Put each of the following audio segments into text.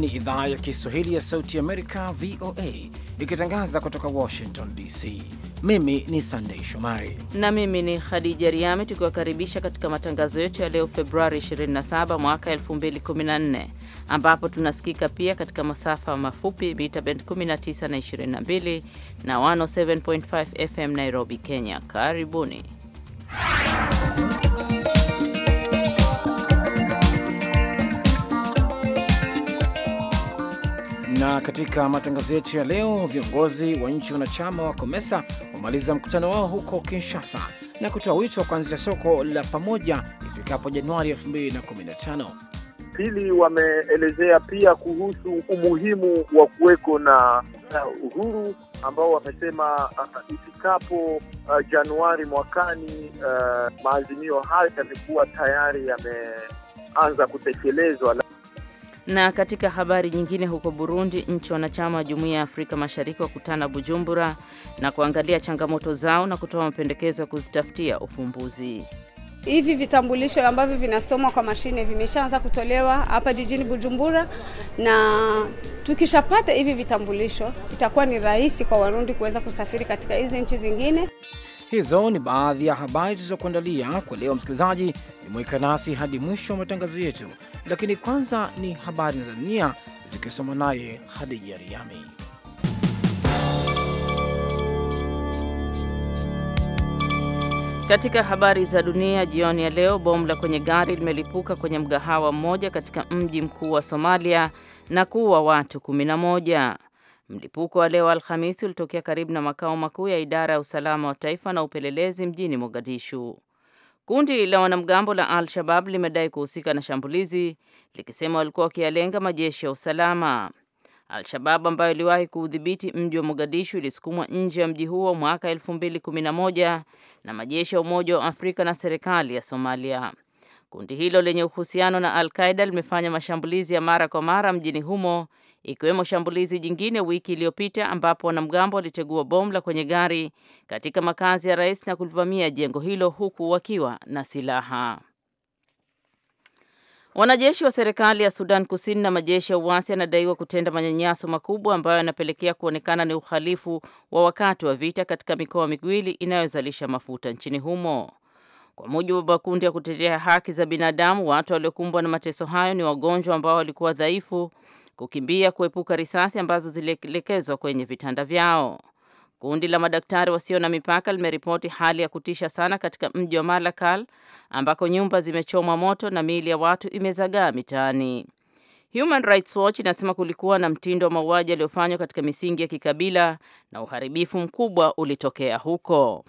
ni idhaa ya Kiswahili ya Sauti Amerika, VOA, ikitangaza kutoka Washington DC. Mimi ni Sandei Shomari na mimi ni Khadija Riami, tukiwakaribisha katika matangazo yetu ya leo Februari 27 mwaka 2014, ambapo tunasikika pia katika masafa mafupi mita bend 19 na 22 na 107.5 FM Nairobi, Kenya. Karibuni. Na katika matangazo yetu ya leo, viongozi wa nchi wanachama wa Komesa wamaliza mkutano wao huko Kinshasa na kutoa wito wa kuanzisha soko la pamoja ifikapo Januari 2015. Pili, wameelezea pia kuhusu umuhimu wa kuweko na uhuru ambao wamesema uh, ifikapo uh, Januari mwakani uh, maazimio hayo yamekuwa tayari yameanza kutekelezwa. Na katika habari nyingine, huko Burundi, nchi wanachama wa Jumuiya ya Afrika Mashariki wakutana Bujumbura na kuangalia changamoto zao na kutoa mapendekezo ya kuzitafutia ufumbuzi. Hivi vitambulisho ambavyo vinasomwa kwa mashine vimeshaanza kutolewa hapa jijini Bujumbura, na tukishapata hivi vitambulisho itakuwa ni rahisi kwa Warundi kuweza kusafiri katika hizi nchi zingine. Hizo ni baadhi ya habari tulizokuandalia kwa leo. Msikilizaji, nimweka nasi hadi mwisho wa matangazo yetu, lakini kwanza ni habari za dunia zikisoma naye Hadija Riami. Katika habari za dunia jioni ya leo, bomu la kwenye gari limelipuka kwenye mgahawa mmoja katika mji mkuu wa Somalia na kuua watu 11. Mlipuko wa leo Alhamisi ulitokea karibu na makao makuu ya idara ya usalama wa taifa na upelelezi mjini Mogadishu. Kundi la wanamgambo la Al-Shabab limedai kuhusika na shambulizi likisema walikuwa wakiyalenga majeshi ya usalama. Al-Shabab ambayo iliwahi kuudhibiti mji wa Mogadishu ilisukumwa nje ya mji huo mwaka 2011 na majeshi ya Umoja wa Afrika na serikali ya Somalia. Kundi hilo lenye uhusiano na al qaida limefanya mashambulizi ya mara kwa mara mjini humo ikiwemo shambulizi jingine wiki iliyopita ambapo wanamgambo walitegua bomu la kwenye gari katika makazi ya rais na kulivamia jengo hilo huku wakiwa na silaha. Wanajeshi wa serikali ya Sudan Kusini na majeshi ya uasi yanadaiwa kutenda manyanyaso makubwa ambayo yanapelekea kuonekana ni uhalifu wa wakati wa vita katika mikoa miwili inayozalisha mafuta nchini humo. Kwa mujibu wa makundi ya kutetea haki za binadamu, watu waliokumbwa na mateso hayo ni wagonjwa ambao walikuwa dhaifu, kukimbia kuepuka risasi ambazo zilielekezwa kwenye vitanda vyao. Kundi la madaktari wasio na mipaka limeripoti hali ya kutisha sana katika mji wa Malakal ambako nyumba zimechomwa moto na miili ya watu imezagaa mitaani. Human Rights Watch inasema kulikuwa na mtindo wa mauaji yaliyofanywa katika misingi ya kikabila na uharibifu mkubwa ulitokea huko.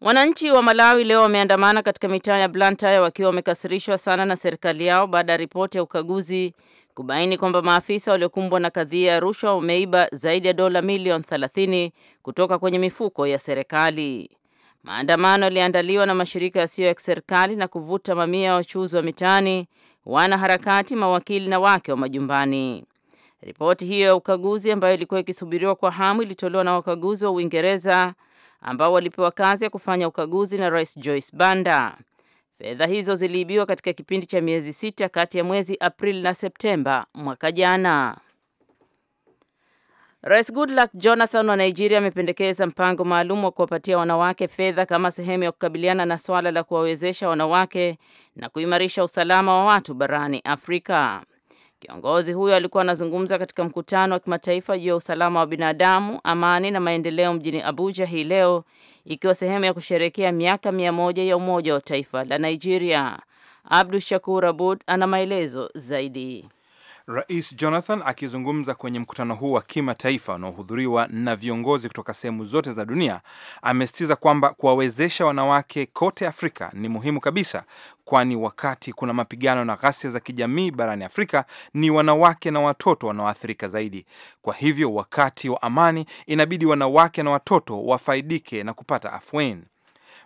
Wananchi wa Malawi leo wameandamana katika mitaa ya Blantyre wakiwa wamekasirishwa sana na serikali yao baada ya ripoti ya ukaguzi kubaini kwamba maafisa waliokumbwa na kadhia ya rushwa wameiba zaidi ya dola milioni 30 kutoka kwenye mifuko ya serikali. Maandamano yaliandaliwa na mashirika yasiyo ya kiserikali na kuvuta mamia ya wachuuzi wa mitaani, wanaharakati, mawakili na wake wa majumbani. Ripoti hiyo ya ukaguzi ambayo ilikuwa ikisubiriwa kwa hamu ilitolewa na wakaguzi wa Uingereza ambao walipewa kazi ya kufanya ukaguzi na Rais Joyce Banda. Fedha hizo ziliibiwa katika kipindi cha miezi sita kati ya mwezi Aprili na Septemba mwaka jana. Rais Goodluck Jonathan wa Nigeria amependekeza mpango maalum wa kuwapatia wanawake fedha kama sehemu ya kukabiliana na swala la kuwawezesha wanawake na kuimarisha usalama wa watu barani Afrika. Kiongozi huyo alikuwa anazungumza katika mkutano wa kimataifa juu ya usalama wa binadamu, amani na maendeleo mjini Abuja hii leo ikiwa sehemu ya kusherehekea miaka mia moja ya umoja wa taifa la Nigeria. Abdu Shakur Abud ana maelezo zaidi. Rais Jonathan akizungumza kwenye mkutano huu wa kimataifa unaohudhuriwa na viongozi kutoka sehemu zote za dunia amesisitiza kwamba kuwawezesha wanawake kote Afrika ni muhimu kabisa, kwani wakati kuna mapigano na ghasia za kijamii barani Afrika ni wanawake na watoto wanaoathirika zaidi. Kwa hivyo, wakati wa amani inabidi wanawake na watoto wafaidike na kupata afueni.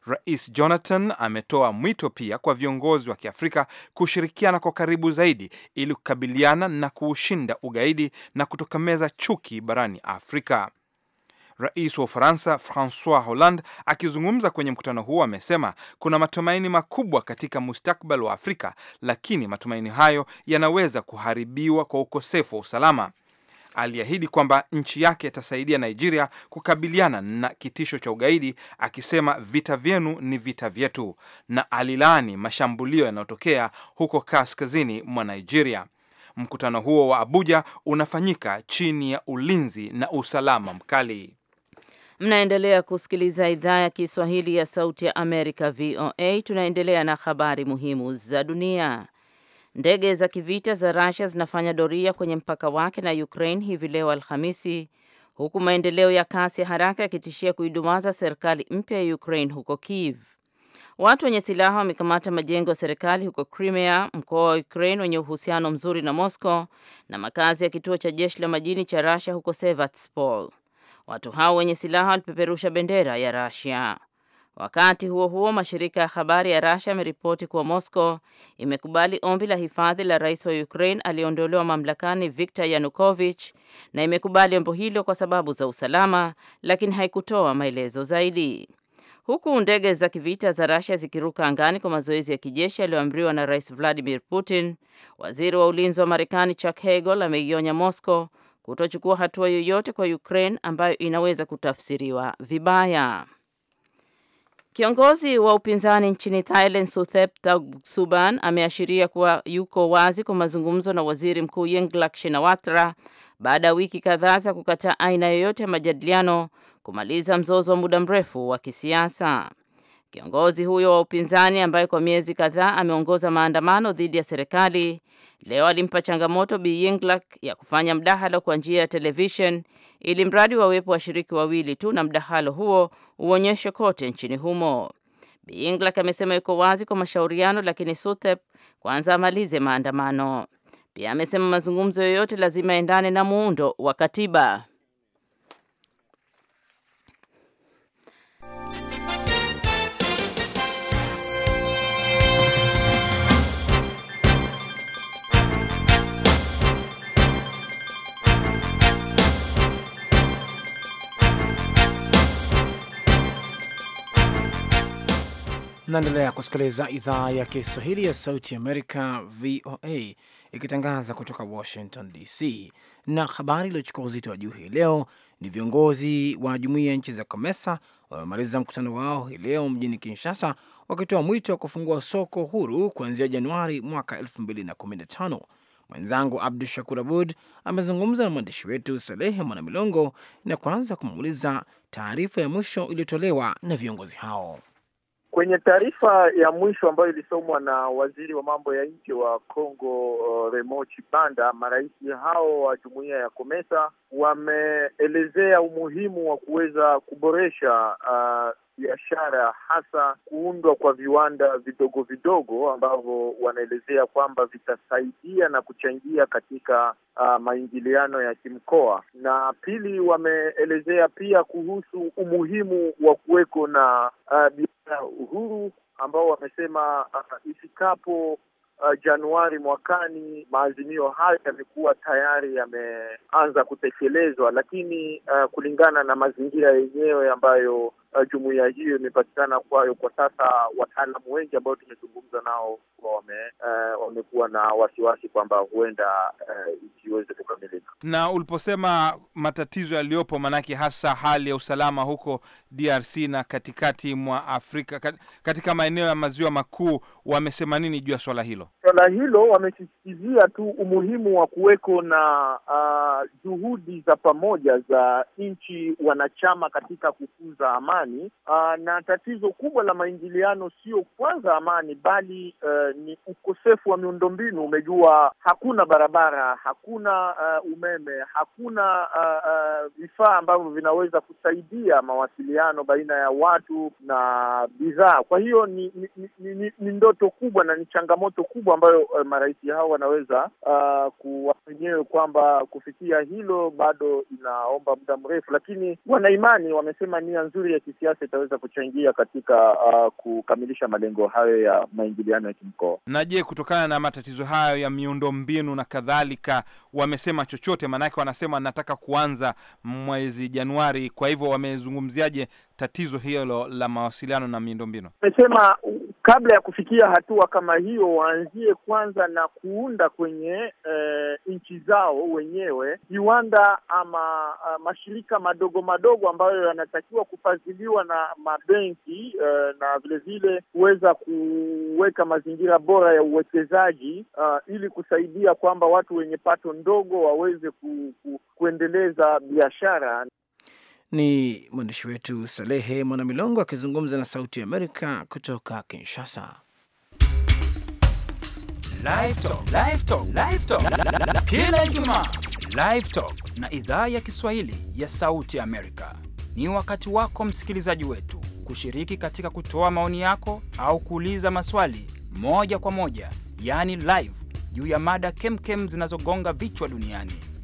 Rais Jonathan ametoa mwito pia kwa viongozi wa Kiafrika kushirikiana kwa karibu zaidi ili kukabiliana na kuushinda ugaidi na kutokomeza chuki barani Afrika. Rais wa Ufaransa Francois Hollande akizungumza kwenye mkutano huo amesema kuna matumaini makubwa katika mustakbal wa Afrika, lakini matumaini hayo yanaweza kuharibiwa kwa ukosefu wa usalama aliahidi kwamba nchi yake itasaidia Nigeria kukabiliana na kitisho cha ugaidi, akisema vita vyenu ni vita vyetu, na alilaani mashambulio yanayotokea huko kaskazini mwa Nigeria. Mkutano huo wa Abuja unafanyika chini ya ulinzi na usalama mkali. Mnaendelea kusikiliza idhaa ya Kiswahili ya Sauti ya Amerika, VOA. Tunaendelea na habari muhimu za dunia. Ndege za kivita za Russia zinafanya doria kwenye mpaka wake na Ukraine hivi leo Alhamisi, huku maendeleo ya kasi ya haraka yakitishia kuidumaza serikali mpya ya Ukraine huko Kiev. Watu wenye silaha wamekamata majengo ya serikali huko Crimea, mkoa wa Ukraine wenye uhusiano mzuri na Moscow, na makazi ya kituo cha jeshi la majini cha Russia huko Sevastopol. Watu hao wenye silaha walipeperusha bendera ya Russia. Wakati huo huo, mashirika ya habari ya Russia yameripoti kuwa Moscow imekubali ombi la hifadhi la rais wa Ukraine aliyeondolewa mamlakani Viktor Yanukovych na imekubali ombi hilo kwa sababu za usalama, lakini haikutoa maelezo zaidi. Huku ndege za kivita za Russia zikiruka angani kwa mazoezi ya kijeshi yaliyoamriwa na Rais Vladimir Putin, waziri wa ulinzi wa Marekani Chuck Hagel ameionya Moscow kutochukua hatua yoyote kwa Ukraine ambayo inaweza kutafsiriwa vibaya. Kiongozi wa upinzani nchini Thailand Suthep Thaugsuban ameashiria kuwa yuko wazi kwa mazungumzo na waziri mkuu Yingluck Shinawatra baada ya wiki kadhaa za kukataa aina yoyote ya majadiliano kumaliza mzozo wa muda mrefu wa kisiasa. Kiongozi huyo wa upinzani ambaye kwa miezi kadhaa ameongoza maandamano dhidi ya serikali leo alimpa changamoto Bi Yingluck ya kufanya mdahalo kwa njia ya television ili mradi wawepo washiriki wawili tu na mdahalo huo uonyeshe kote nchini humo. Bi Yingluck amesema yuko wazi kwa mashauriano, lakini suthep kwanza amalize maandamano. Pia amesema mazungumzo yoyote lazima endane na muundo wa katiba. Mnaendelea kusikiliza idhaa ya Kiswahili ya Sauti Amerika, VOA, ikitangaza kutoka Washington DC. Na habari iliyochukua uzito wa juu hii leo ni viongozi wa jumuia ya nchi za COMESA wamemaliza mkutano wao hii leo mjini Kinshasa, wakitoa mwito wa kufungua soko huru kuanzia Januari mwaka 2015. Mwenzangu Abdu Shakur Abud amezungumza na mwandishi wetu Salehe Mwanamilongo na kuanza kumuuliza taarifa ya mwisho iliyotolewa na viongozi hao. Kwenye taarifa ya mwisho ambayo ilisomwa na waziri wa mambo ya nje wa congo uh, Remo Chibanda, marais hao wa jumuiya ya Komesa wameelezea umuhimu wa kuweza kuboresha uh, biashara, hasa kuundwa kwa viwanda vidogo vidogo ambavyo wanaelezea kwamba vitasaidia na kuchangia katika uh, maingiliano ya kimkoa. Na pili, wameelezea pia kuhusu umuhimu wa kuweko na uh, biashara uhuru ambao wamesema uh, ifikapo Uh, Januari mwakani maazimio hayo yamekuwa tayari yameanza kutekelezwa, lakini uh, kulingana na mazingira yenyewe ambayo uh, jumuiya hiyo imepatikana kwayo. Kwa sasa wataalamu wengi ambao tumezungumza nao wame, uh, wamekuwa na wasiwasi kwamba huenda uh, isiweze kukamilika. Na uliposema matatizo yaliyopo, maanake hasa hali ya usalama huko DRC na katikati mwa Afrika katika maeneo ya maziwa makuu, wamesema nini juu ya swala hilo? Swala hilo wamesisitizia tu umuhimu wa kuweko na uh, juhudi za pamoja za nchi wanachama katika kukuza amani amani aa, ah, na tatizo kubwa la maingiliano sio kwanza amani, bali uh, ni ukosefu wa miundombinu. Umejua, hakuna barabara, hakuna uh, umeme, hakuna eh, vifaa uh, uh, ambavyo vinaweza kusaidia mawasiliano baina ya watu na bidhaa. Kwa hiyo ni, ni, ni, ni, ni ndoto kubwa na ni changamoto kubwa ambayo uh, marais hao wanaweza uh, ah, kuwa wenyewe kwamba kufikia hilo bado inaomba muda mrefu, lakini wanaimani wamesema nia nzuri ya kisiasa itaweza kuchangia katika uh, kukamilisha malengo hayo ya maingiliano ya kimkoa. Na je, kutokana na matatizo hayo ya miundo mbinu na kadhalika, wamesema chochote? Maanake wanasema wanataka kuanza mwezi Januari, kwa hivyo wamezungumziaje tatizo hilo la mawasiliano na miundombinu? Amesema kabla ya kufikia hatua kama hiyo, waanzie kwanza na kuunda kwenye e, nchi zao wenyewe viwanda ama a, ah, mashirika madogo madogo ambayo yanatakiwa kufadhiliwa na mabenki e, na vilevile kuweza kuweka mazingira bora ya uwekezaji ah, ili kusaidia kwamba watu wenye pato ndogo waweze ku, ku, kuendeleza biashara. Ni mwandishi wetu Salehe Mwanamilongo akizungumza na Sauti ya Amerika kutoka Kinshasa. Kila Ijumaa Livetalk na idhaa ya Kiswahili ya Sauti Amerika ni wakati wako msikilizaji wetu kushiriki katika kutoa maoni yako au kuuliza maswali moja kwa moja, yaani live, juu ya mada kemkem zinazogonga vichwa duniani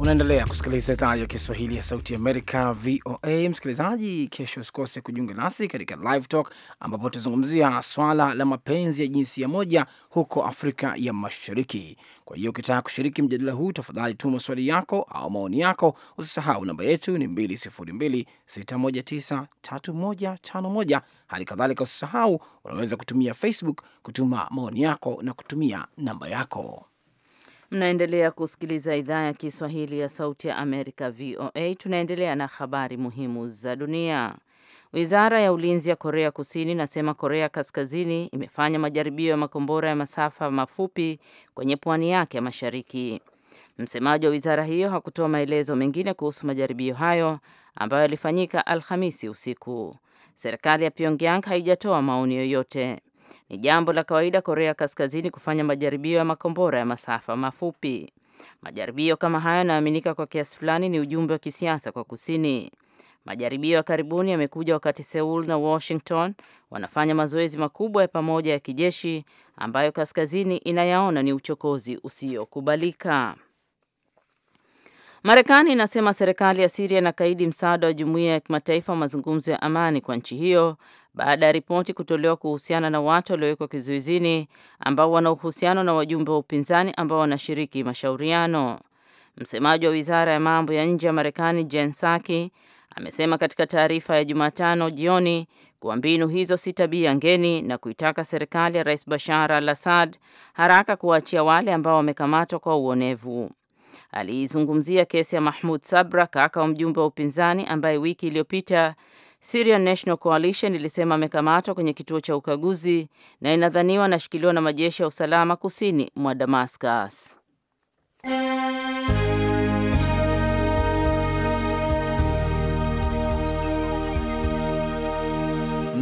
Unaendelea kusikiliza idhaa ya Kiswahili ya Sauti Amerika, VOA. Msikilizaji, kesho usikose kujiunga nasi katika Live Talk ambapo tutazungumzia swala la mapenzi ya jinsia moja huko Afrika ya Mashariki. Kwa hiyo ukitaka kushiriki mjadala huu, tafadhali tuma swali yako au maoni yako. Usisahau namba yetu ni 2026193151. Hali kadhalika usisahau, unaweza kutumia Facebook kutuma maoni yako na kutumia namba yako. Mnaendelea kusikiliza idhaa ya Kiswahili ya Sauti ya Amerika, VOA. Tunaendelea na habari muhimu za dunia. Wizara ya ulinzi ya Korea Kusini inasema Korea Kaskazini imefanya majaribio ya makombora ya masafa mafupi kwenye pwani yake ya mashariki. Msemaji wa wizara hiyo hakutoa maelezo mengine kuhusu majaribio hayo ambayo yalifanyika Alhamisi usiku. Serikali ya Pyongyang haijatoa maoni yoyote. Ni jambo la kawaida Korea Kaskazini kufanya majaribio ya makombora ya masafa mafupi. Majaribio kama hayo yanaaminika kwa kiasi fulani ni ujumbe wa kisiasa kwa Kusini. Majaribio ya karibuni yamekuja wakati Seoul na Washington wanafanya mazoezi makubwa ya pamoja ya kijeshi ambayo Kaskazini inayaona ni uchokozi usiokubalika. Marekani inasema serikali ya Siria inakaidi msaada wa jumuiya ya kimataifa wa mazungumzo ya amani kwa nchi hiyo baada ya ripoti kutolewa kuhusiana na watu waliowekwa kizuizini ambao wana uhusiano na wajumbe wa upinzani ambao wanashiriki mashauriano. Msemaji wa wizara ya mambo ya nje ya Marekani Jen Psaki amesema katika taarifa ya Jumatano jioni kuwa mbinu hizo si tabia ngeni na kuitaka serikali ya Rais Bashar al-Assad haraka kuwaachia wale ambao wamekamatwa kwa uonevu aliizungumzia kesi ya Mahmud Sabra, kaka wa mjumbe wa upinzani ambaye wiki iliyopita Syrian National Coalition ilisema amekamatwa kwenye kituo cha ukaguzi na inadhaniwa anashikiliwa na majeshi ya usalama kusini mwa Damascus.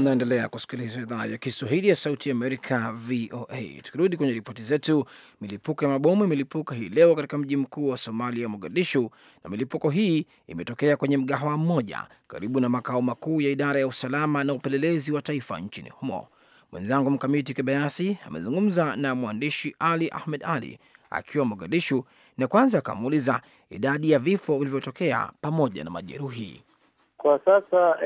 Mnaendelea kusikiliza idhaa ya Kiswahili ya Sauti ya Amerika, VOA. Tukirudi kwenye ripoti zetu, milipuko ya mabomu imelipuka hii leo katika mji mkuu wa Somalia, Mogadishu, na milipuko hii imetokea kwenye mgahawa mmoja karibu na makao makuu ya idara ya usalama na upelelezi wa taifa nchini humo. Mwenzangu Mkamiti Kibayasi amezungumza na mwandishi Ali Ahmed Ali akiwa Mogadishu, na kwanza akamuuliza idadi ya vifo vilivyotokea pamoja na majeruhi kwa sasa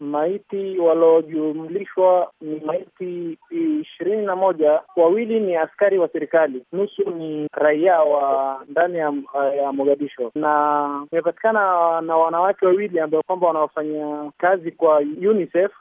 maiti waliojumlishwa ni maiti ishirini na moja. Wawili ni askari wa serikali, nusu ni raia wa ndani ya, ya Mogadisho, na imepatikana na wanawake wawili ambao kwamba wanaofanya kazi kwa UNICEF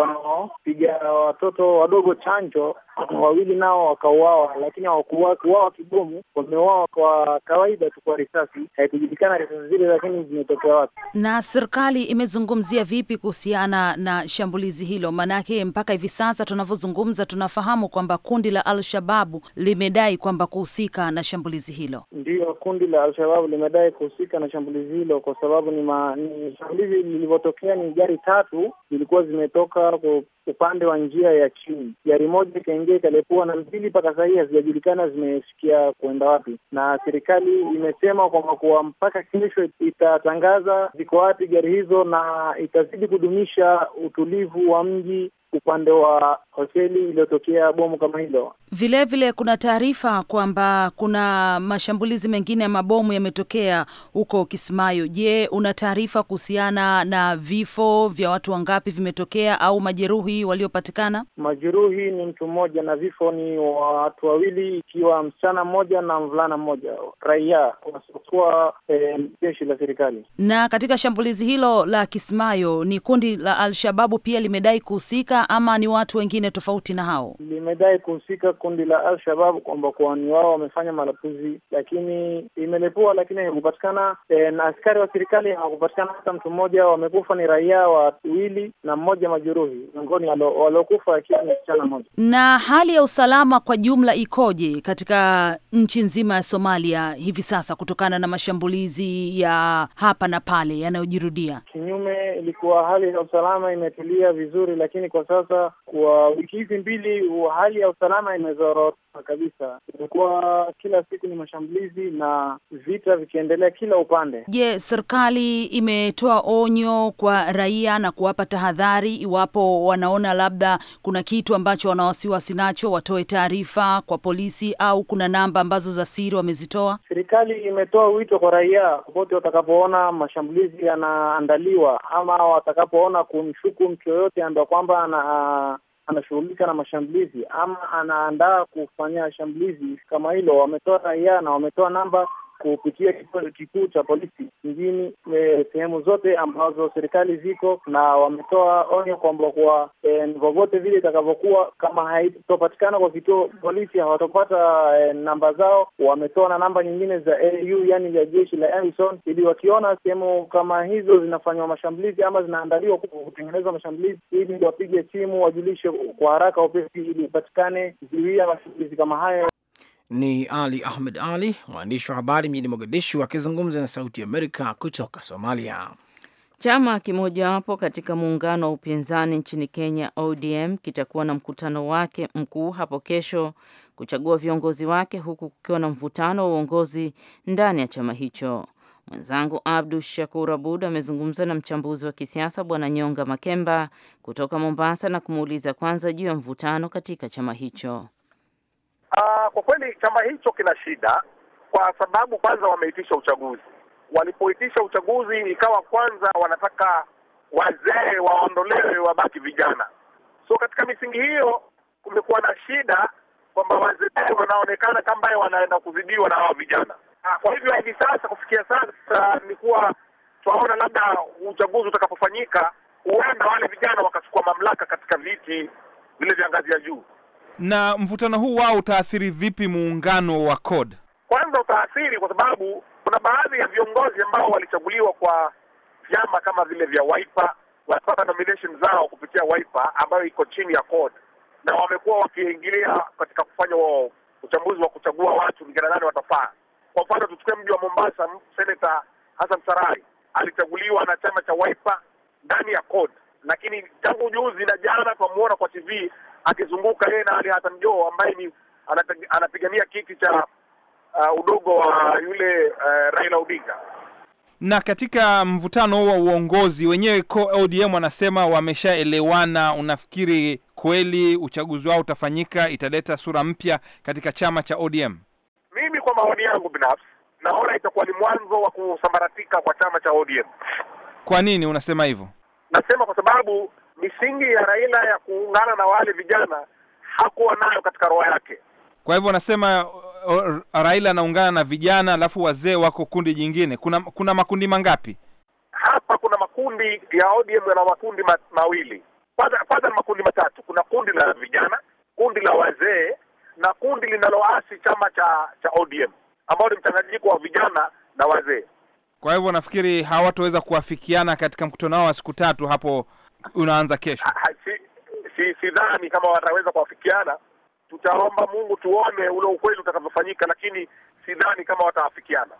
wanaopiga watoto wadogo chanjo wawili nao wakauawa, lakini hawakuuawa kibomu, wameuawa kwa kawaida tu kwa risasi. Haikujulikana risasi zile lakini zimetokea wapi. Na serikali imezungumzia vipi kuhusiana na shambulizi hilo? Maanake mpaka hivi sasa tunavyozungumza, tunafahamu kwamba kundi la alshababu limedai kwamba kuhusika na shambulizi hilo. Ndiyo, kundi la alshababu limedai kuhusika na shambulizi hilo kwa sababu ni, ma, ni shambulizi lilivyotokea, ni gari tatu zilikuwa zimetoka kwa upande wa njia ya chini, gari moja Serengeti aliyekuwa na mbili mpaka sahii hazijajulikana zimesikia kuenda wapi, na serikali imesema kwamba kuwa mpaka kesho itatangaza ziko wapi gari hizo, na itazidi kudumisha utulivu wa mji upande wa hoteli iliyotokea bomu kama hilo. Vilevile kuna taarifa kwamba kuna mashambulizi mengine ya mabomu yametokea huko Kismayo. Je, una taarifa kuhusiana na vifo vya watu wangapi vimetokea au majeruhi waliopatikana? Majeruhi ni mtu mmoja na vifo ni watu wawili, ikiwa msichana mmoja na mvulana mmoja, raia wasiokuwa eh, jeshi la serikali. Na katika shambulizi hilo la Kismayo, ni kundi la Alshababu pia limedai kuhusika ama ni watu wengine tofauti na hao? Limedai kuhusika kundi la Al-Shabab kwamba kwa ni wao wamefanya malapuzi, lakini imelepua, lakini haikupatikana e, na askari wa serikali hawakupatikana hata mtu mmoja. Wamekufa ni raia wawili na mmoja majeruhi, miongoni waliokufa akiwa ni msichana mmoja. Na hali ya usalama kwa jumla ikoje katika nchi nzima ya Somalia hivi sasa kutokana na mashambulizi ya hapa na pale yanayojirudia? Kinyume, ilikuwa hali ya usalama imetulia vizuri, lakini kwa sasa, kwa wiki hizi mbili, hali ya usalama imezorota kabisa. Imekuwa kila siku ni mashambulizi na vita vikiendelea kila upande. Je, yes, serikali imetoa onyo kwa raia na kuwapa tahadhari, iwapo wanaona labda kuna kitu ambacho wanawasiwasi nacho, watoe taarifa kwa polisi, au kuna namba ambazo za siri wamezitoa? Serikali imetoa wito kwa raia popote watakapoona mashambulizi yanaandaliwa ama watakapoona kumshuku mtu yoyote ambaye kwamba ana Uh, anashughulika na mashambulizi ama anaandaa kufanya shambulizi kama hilo, wametoa raia na wametoa namba kupitia kikuu cha polisi mjini eh, sehemu zote ambazo serikali ziko, na wametoa onyo kwamba kwa e, eh, vyovyote vile itakavyokuwa, kama haitopatikana kwa kituo polisi hawatopata eh, namba zao. Wametoa na namba nyingine za AU, yani ya jeshi la Aison, ili wakiona sehemu kama hizo zinafanywa mashambulizi ama zinaandaliwa kutengenezwa mashambulizi, ili wapige simu wajulishe kwa haraka upesi, ili upatikane zuia mashambulizi kama hayo. Ni Ali Ahmed Ali, mwandishi wa habari mjini Mogadishu, akizungumza na Sauti Amerika kutoka Somalia. Chama kimojawapo katika muungano wa upinzani nchini Kenya, ODM, kitakuwa na mkutano wake mkuu hapo kesho kuchagua viongozi wake, huku kukiwa na mvutano wa uongozi ndani ya chama hicho. Mwenzangu Abdu Shakur Abud amezungumza na mchambuzi wa kisiasa Bwana Nyonga Makemba kutoka Mombasa na kumuuliza kwanza juu ya mvutano katika chama hicho. Aa, ah, kwa kweli chama hicho kina shida kwa sababu kwanza wameitisha uchaguzi. Walipoitisha uchaguzi ikawa kwanza wanataka wazee waondolewe wabaki vijana. So katika misingi hiyo kumekuwa na shida kwamba wazee wanaonekana kama wanaenda kuzidiwa na hao vijana. Ah, kwa hivyo hivi sasa, kufikia sasa, ni kuwa twaona labda uchaguzi utakapofanyika, huenda wale vijana wakachukua mamlaka katika viti vile vya ngazi ya juu. Na mvutano huu wao utaathiri vipi muungano wa CORD? Kwanza utaathiri kwa sababu kuna baadhi ya viongozi ambao walichaguliwa kwa vyama kama vile vya Wiper, wanapata nomination zao kupitia Wiper ambayo iko chini ya CORD, na wamekuwa wakiingilia katika kufanya wao uchambuzi wa kuchagua watu ni kina nani watafaa. Kwa mfano tuchukue mji wa Mombasa, Seneta Hassan Sarai alichaguliwa na chama cha Wiper ndani ya CORD, lakini tangu juzi na jana tunamuona kwa TV akizunguka yeye na Ali Hassan Joho ambaye ni anapigania kiti cha uh, udogo wa yule uh, Raila Odinga. Na katika mvutano wa uongozi wenyewe, ODM wanasema wameshaelewana. Unafikiri kweli uchaguzi wao utafanyika, italeta sura mpya katika chama cha ODM? Mimi kwa maoni yangu binafsi naona itakuwa ni mwanzo wa kusambaratika kwa chama cha ODM. Kwa nini unasema hivyo? Nasema kwa sababu misingi ya Raila ya kuungana na wale vijana hakuwa nayo katika roho yake. Kwa hivyo wanasema Raila anaungana na vijana, alafu wazee wako kundi jingine. Kuna kuna makundi mangapi hapa? Kuna makundi ya ODM yana makundi ma, mawili kwanza ni makundi matatu. Kuna kundi la vijana, kundi la wazee na kundi linaloasi chama cha cha ODM ambao ni mchanganyiko wa vijana na wazee. Kwa hivyo nafikiri hawatoweza kuafikiana katika mkutano wao wa siku tatu hapo unaanza kesho. Sidhani si kama wataweza kuafikiana. Tutaomba Mungu tuone ule ukweli utakavyofanyika, lakini sidhani kama wataafikiana.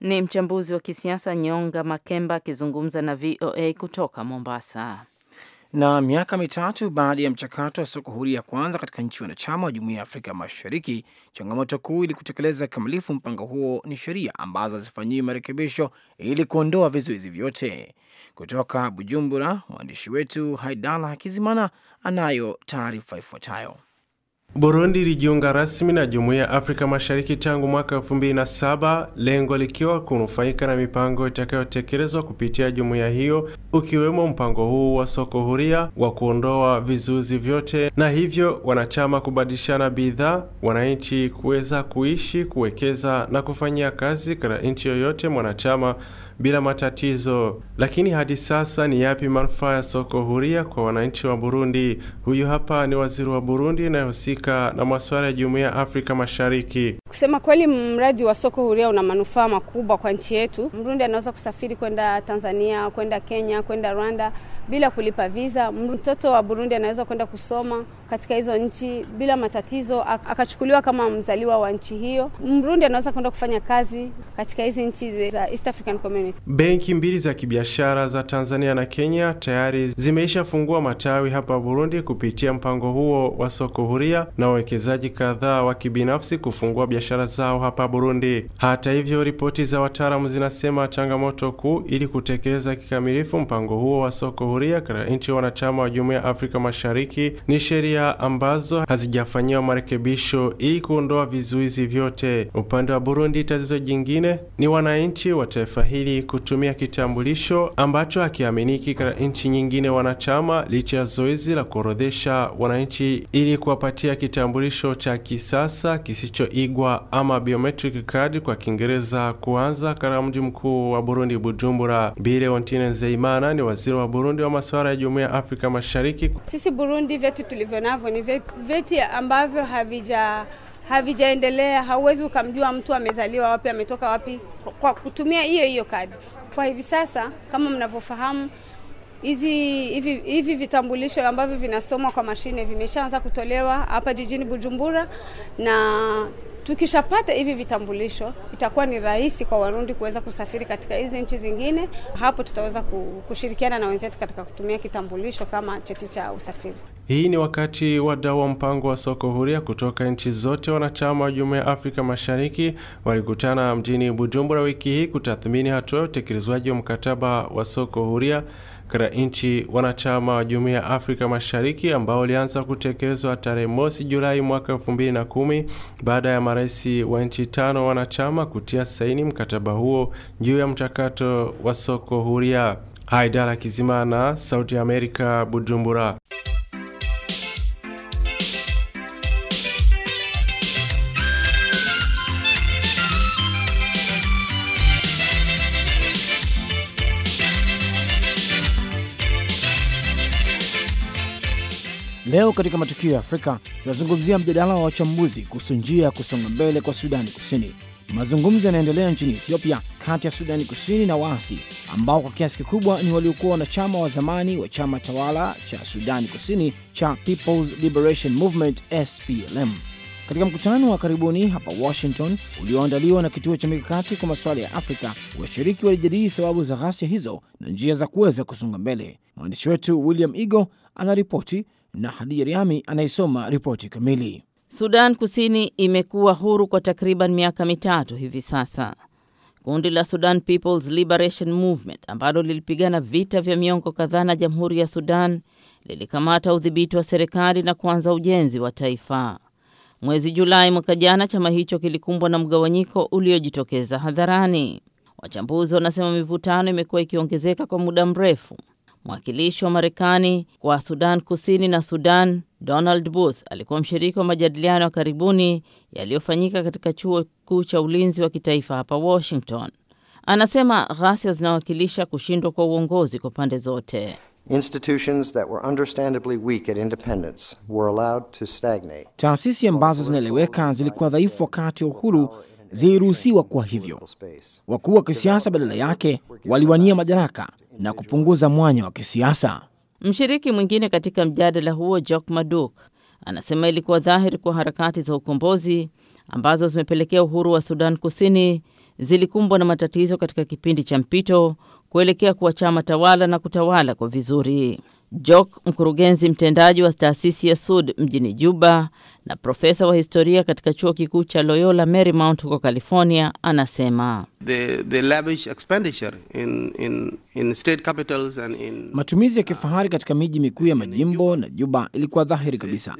Ni mchambuzi wa kisiasa Nyonga Makemba akizungumza na VOA kutoka Mombasa. Na miaka mitatu baada ya mchakato wa soko huria kwanza katika nchi wanachama wa jumuiya ya Afrika Mashariki, changamoto kuu ili kutekeleza kikamilifu mpango huo ni sheria ambazo hazifanyiwi marekebisho ili kuondoa vizuizi vyote. Kutoka Bujumbura, mwandishi wetu Haidala Hakizimana anayo taarifa ifuatayo. Burundi ilijiunga rasmi na Jumuiya ya Afrika Mashariki tangu mwaka 2007, lengo likiwa kunufaika na mipango itakayotekelezwa kupitia jumuiya hiyo, ukiwemo mpango huu wa soko huria wa kuondoa vizuizi vyote, na hivyo wanachama kubadilishana bidhaa, wananchi kuweza kuishi, kuwekeza na kufanyia kazi katika nchi yoyote mwanachama bila matatizo. Lakini hadi sasa ni yapi manufaa ya soko huria kwa wananchi wa Burundi? Huyu hapa ni waziri wa Burundi anayehusika na masuala ya jumuiya ya Afrika Mashariki. Kusema kweli, mradi wa soko huria una manufaa makubwa kwa nchi yetu. Mrundi anaweza kusafiri kwenda Tanzania, kwenda Kenya, kwenda Rwanda bila kulipa visa. Mtoto wa Burundi anaweza kwenda kusoma katika hizo nchi bila matatizo, akachukuliwa kama mzaliwa wa nchi hiyo. Mrundi anaweza kwenda kufanya kazi katika hizi nchi za East African Community. Benki mbili za kibiashara za Tanzania na Kenya tayari zimeishafungua matawi hapa Burundi kupitia mpango huo wa soko huria, na wawekezaji kadhaa wa kibinafsi kufungua biashara zao hapa Burundi. Hata hivyo, ripoti za wataalamu zinasema changamoto kuu ili kutekeleza kikamilifu mpango huo wa soko huria Jamhuri katika nchi wanachama wa Jumuiya ya Afrika Mashariki ni sheria ambazo hazijafanyiwa marekebisho ili kuondoa vizuizi vyote. Upande wa Burundi, tatizo jingine ni wananchi wa taifa hili kutumia kitambulisho ambacho hakiaminiki katika nchi nyingine wanachama, licha ya zoezi la kuorodhesha wananchi ili kuwapatia kitambulisho cha kisasa kisichoigwa ama biometric card kwa Kiingereza kuanza katika mji mkuu wa Burundi, Bujumbura. Bile Ontine Zeimana ni waziri wa Burundi wa masuala ya Jumuiya ya Afrika Mashariki. Sisi Burundi, vyeti tulivyo navyo ni vyeti ambavyo havija havijaendelea. Hauwezi ukamjua mtu amezaliwa wapi, ametoka wapi kwa kutumia hiyo hiyo kadi. Kwa hivi sasa, kama mnavyofahamu, hizi hivi, hivi vitambulisho ambavyo vinasomwa kwa mashine vimeshaanza kutolewa hapa jijini Bujumbura na Tukishapata hivi vitambulisho, itakuwa ni rahisi kwa Warundi kuweza kusafiri katika hizi nchi zingine. Hapo tutaweza kushirikiana na wenzetu katika kutumia kitambulisho kama cheti cha usafiri. Hii ni wakati wadau wa mpango wa soko huria kutoka nchi zote wanachama wa Jumuiya ya Afrika Mashariki walikutana mjini Bujumbura wiki hii kutathmini hatua ya utekelezwaji wa mkataba wa soko huria katika nchi wanachama wa Jumuiya ya Afrika Mashariki ambao ulianza kutekelezwa tarehe mosi Julai mwaka 2010 baada ya marais wa nchi tano wanachama kutia saini mkataba huo juu ya mchakato wa soko huria. Haidara Kizimana, Sauti ya Amerika, Bujumbura. Leo katika matukio ya Afrika tunazungumzia mjadala wa wachambuzi kuhusu njia ya kusonga mbele kwa Sudani Kusini. Mazungumzo yanaendelea nchini Ethiopia kati ya Sudani Kusini na waasi ambao kwa kiasi kikubwa ni waliokuwa wanachama wa zamani wa chama tawala cha Sudani Kusini cha People's Liberation Movement, SPLM. Katika mkutano wa karibuni hapa Washington ulioandaliwa na kituo cha mikakati kwa masuala ya Afrika, washiriki walijadili sababu za ghasia hizo na njia za kuweza kusonga mbele. Mwandishi wetu William Igo anaripoti na Hadija Riami anayesoma ripoti kamili. Sudan Kusini imekuwa huru kwa takriban miaka mitatu hivi sasa. Kundi la Sudan People's Liberation Movement ambalo lilipigana vita vya miongo kadhaa na Jamhuri ya Sudan lilikamata udhibiti wa serikali na kuanza ujenzi wa taifa. Mwezi Julai mwaka jana, chama hicho kilikumbwa na mgawanyiko uliojitokeza hadharani. Wachambuzi wanasema mivutano imekuwa ikiongezeka kwa muda mrefu Mwakilishi wa Marekani kwa Sudan Kusini na Sudan, Donald Booth, alikuwa mshiriki wa majadiliano ya karibuni yaliyofanyika katika Chuo Kikuu cha Ulinzi wa Kitaifa hapa Washington. Anasema ghasia zinawakilisha kushindwa kwa uongozi kwa pande zote. Institutions that were understandably weak at independence were allowed to stagnate. Taasisi ambazo zinaeleweka zilikuwa dhaifu wakati wa uhuru ziliruhusiwa kuwa hivyo. Wakuu wa kisiasa badala yake waliwania madaraka na kupunguza mwanya wa kisiasa. Mshiriki mwingine katika mjadala huo, Jock Maduk, anasema ilikuwa dhahiri kwa harakati za ukombozi ambazo zimepelekea uhuru wa Sudan Kusini zilikumbwa na matatizo katika kipindi cha mpito kuelekea kuwa chama tawala na kutawala kwa vizuri. Jok, mkurugenzi mtendaji wa taasisi ya Sud mjini Juba na profesa wa historia katika chuo kikuu cha Loyola Marymount huko California, anasema the, the lavish expenditure in, in, in state capitals and in, matumizi ya kifahari katika miji mikuu ya majimbo na Juba ilikuwa dhahiri kabisa,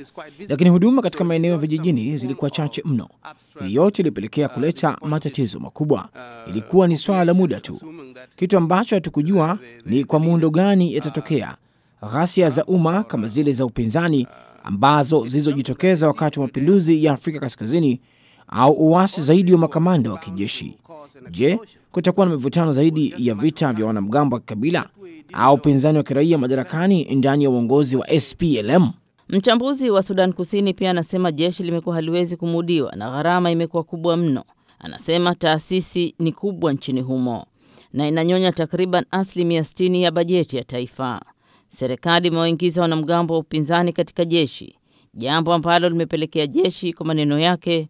lakini huduma katika maeneo ya vijijini zilikuwa chache mno. Hii yote ilipelekea kuleta matatizo makubwa. Uh, ilikuwa ni swala la muda tu. Kitu ambacho hatukujua ni kwa muundo gani yatatokea ghasia za umma kama zile za upinzani ambazo zilizojitokeza wakati wa mapinduzi ya Afrika Kaskazini au uasi zaidi wa makamanda wa kijeshi? Je, kutakuwa na mivutano zaidi ya vita vya wanamgambo wa kikabila au upinzani wa kiraia madarakani ndani ya uongozi wa SPLM? Mchambuzi wa Sudan Kusini pia anasema jeshi limekuwa haliwezi kumudiwa na gharama imekuwa kubwa mno. Anasema taasisi ni kubwa nchini humo na inanyonya takriban asilimia 60 ya bajeti ya taifa. Serikali imewaingiza wanamgambo wa upinzani katika jeshi, jambo ambalo limepelekea jeshi, kwa maneno yake,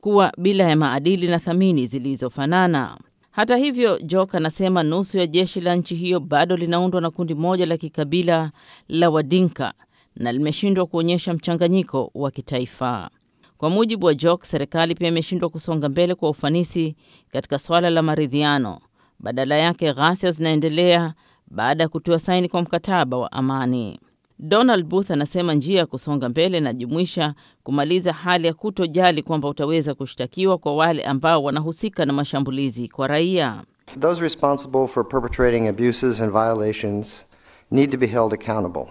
kuwa bila ya maadili na thamani zilizofanana. Hata hivyo, Jok anasema nusu ya jeshi la nchi hiyo bado linaundwa na kundi moja la kikabila la Wadinka na limeshindwa kuonyesha mchanganyiko wa kitaifa. Kwa mujibu wa Jok, serikali pia imeshindwa kusonga mbele kwa ufanisi katika swala la maridhiano. Badala yake, ghasia zinaendelea baada ya kutoa saini kwa mkataba wa amani. Donald Booth anasema njia ya kusonga mbele inajumuisha kumaliza hali ya kutojali kwamba utaweza kushtakiwa kwa wale ambao wanahusika na mashambulizi kwa raia. Those responsible for perpetrating abuses and violations need to be held accountable.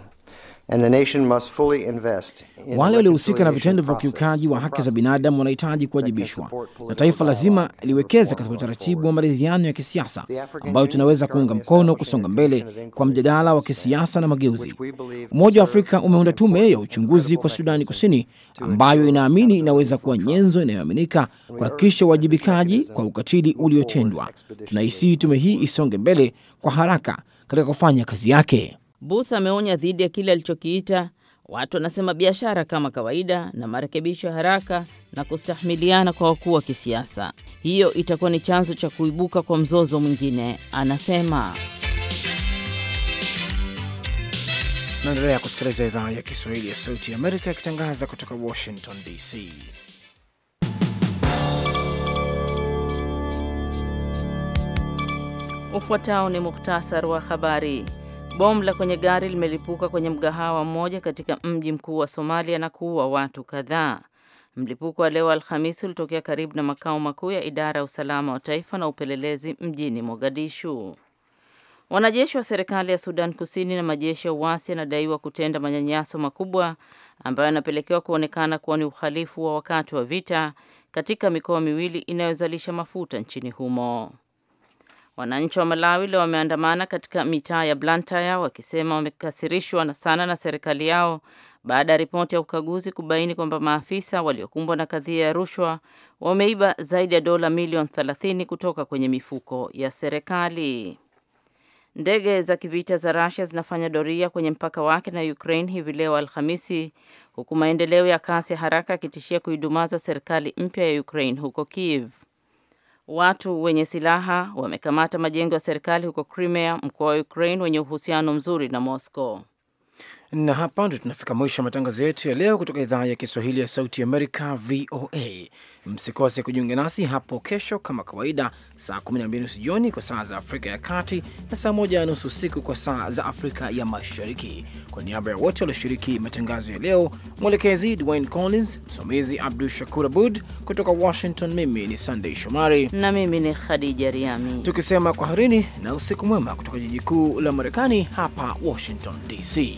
Wale waliohusika na vitendo vya ukiukaji wa haki za binadamu wanahitaji kuwajibishwa, na taifa lazima liwekeze katika utaratibu wa maridhiano ya kisiasa ambayo tunaweza kuunga mkono kusonga mbele kwa mjadala wa kisiasa na mageuzi. Umoja wa Afrika umeunda tume ya uchunguzi kwa Sudani Kusini ambayo inaamini inaweza kuwa nyenzo inayoaminika kuhakikisha uwajibikaji kwa ukatili uliotendwa. Tunahisii tume hii isonge mbele kwa haraka katika kufanya kazi yake. Booth ameonya dhidi ya kile alichokiita watu wanasema biashara kama kawaida na marekebisho ya haraka na kustahimiliana kwa wakuu wa kisiasa. Hiyo itakuwa ni chanzo cha kuibuka kwa mzozo mwingine, anasema. Naendelea kusikiliza idhaa ya Kiswahili ya Sauti ya Amerika ikitangaza kutoka Washington DC. Ufuatao ni muhtasari wa habari. Bomu la kwenye gari limelipuka kwenye mgahawa mmoja katika mji mkuu wa Somalia na kuua watu kadhaa. Mlipuko wa leo Alhamisi ulitokea karibu na makao makuu ya idara ya usalama wa taifa na upelelezi mjini Mogadishu. Wanajeshi wa serikali ya Sudan Kusini na majeshi ya uasi yanadaiwa kutenda manyanyaso makubwa ambayo yanapelekewa kuonekana kuwa ni uhalifu wa wakati wa vita katika mikoa miwili inayozalisha mafuta nchini humo. Wananchi wa Malawi leo wameandamana katika mitaa ya Blantyre wakisema wamekasirishwa sana na serikali yao baada ya ripoti ya ukaguzi kubaini kwamba maafisa waliokumbwa na kadhia ya rushwa wameiba zaidi ya dola milioni 30 kutoka kwenye mifuko ya serikali. Ndege za kivita za Russia zinafanya doria kwenye mpaka wake na Ukraine hivi leo Alhamisi, huku maendeleo ya kasi ya haraka yakitishia kuidumaza serikali mpya ya Ukraine huko Kiev. Watu wenye silaha wamekamata majengo ya serikali huko Crimea, mkoa wa Ukraine wenye uhusiano mzuri na Moscow. Na hapa ndio tunafika mwisho wa matangazo yetu ya leo kutoka idhaa ya Kiswahili ya Sauti Amerika, VOA. Msikose kujiunga nasi hapo kesho kama kawaida, saa 12 jioni kwa saa za Afrika ya Kati na saa 1 nusu usiku kwa saa za Afrika ya Mashariki. Kwa niaba ya wote walioshiriki matangazo ya leo, mwelekezi Dwayne Collins, msimamizi Abdu Shakur Abud kutoka Washington, mimi ni Sandey Shomari na mimi ni Khadija Riami, tukisema harini na usiku mwema kutoka jiji kuu la Marekani, hapa Washington DC.